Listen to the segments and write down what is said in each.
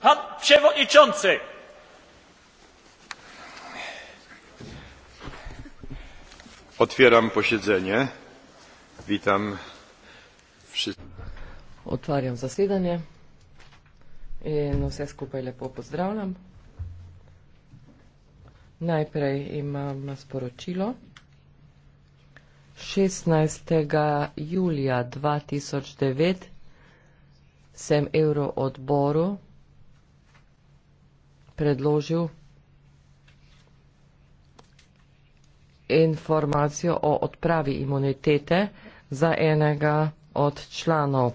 Pan przewodniczący! Otwieram posiedzenie. Witam wszystkich. Otwieram zasiedanie. I no se skupaj lepo pozdrawiam. Najprej imam sporočilo. 16. julija 2009 sem euroodboru predložil informacijo o odpravi imunitete za enega od članov.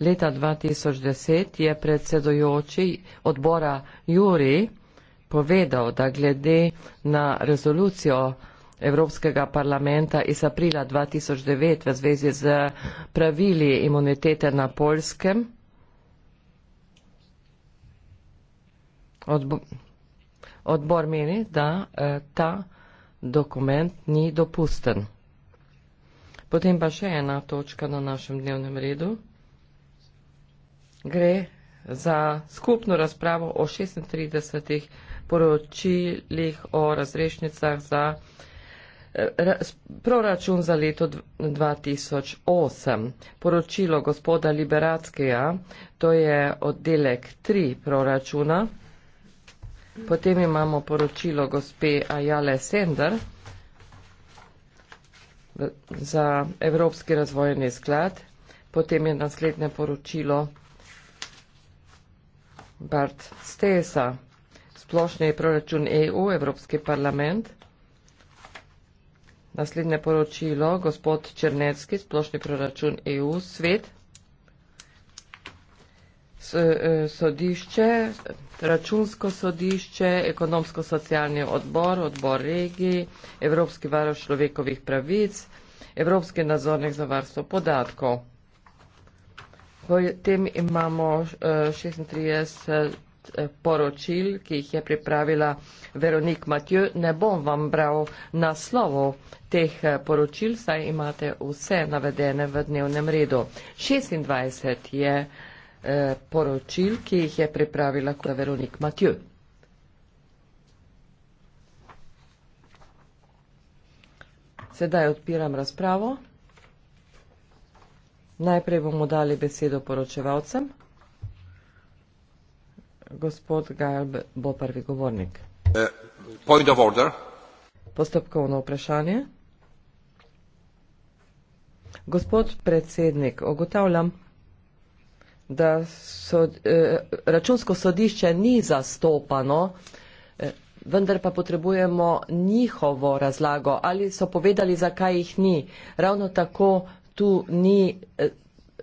Leta 2010 je predsedujoči odbora Juri povedal, da glede na rezolucijo Evropskega parlamenta iz aprila 2009 v zvezi z pravili imunitete na Poljskem, Odbo odbor meni, da eh, ta dokument ni dopusten. Potem pa še ena točka na našem dnevnem redu. Gre za skupno razpravo o 36 poročilih o razrešnicah za eh, proračun za leto 2008. Poročilo gospoda Liberackega, to je oddelek 3 proračuna. Potem imamo poročilo gospe Ajale Sender za Evropski razvojni sklad. Potem je naslednje poročilo Bart Stesa, splošni proračun EU, Evropski parlament. Naslednje poročilo gospod Černecki, splošni proračun EU, svet. S, eh, sodišče, Računsko sodišče, ekonomsko-socialni odbor, odbor regiji, Evropski varoš človekovih pravic, Evropski nadzornik za varstvo podatkov. V tem imamo 36 eh, eh, poročil, ki jih je pripravila Veronik Matjo. Ne bom vam bral naslovov teh eh, poročil, saj imate vse navedene v dnevnem redu. 26 je. Eh, poročil, ki jih je pripravila kolega Veronik Matju. Sedaj odpiram razpravo. Najprej bomo dali besedo poročevalcem. Gospod Gajal bo prvi govornik. Eh, point of order. Postopkovno vprašanje. Gospod predsednik, ogotavljam, da so, eh, računsko sodišče ni zastopano, eh, vendar pa potrebujemo njihovo razlago ali so povedali, zakaj jih ni. Ravno tako tu ni. Eh,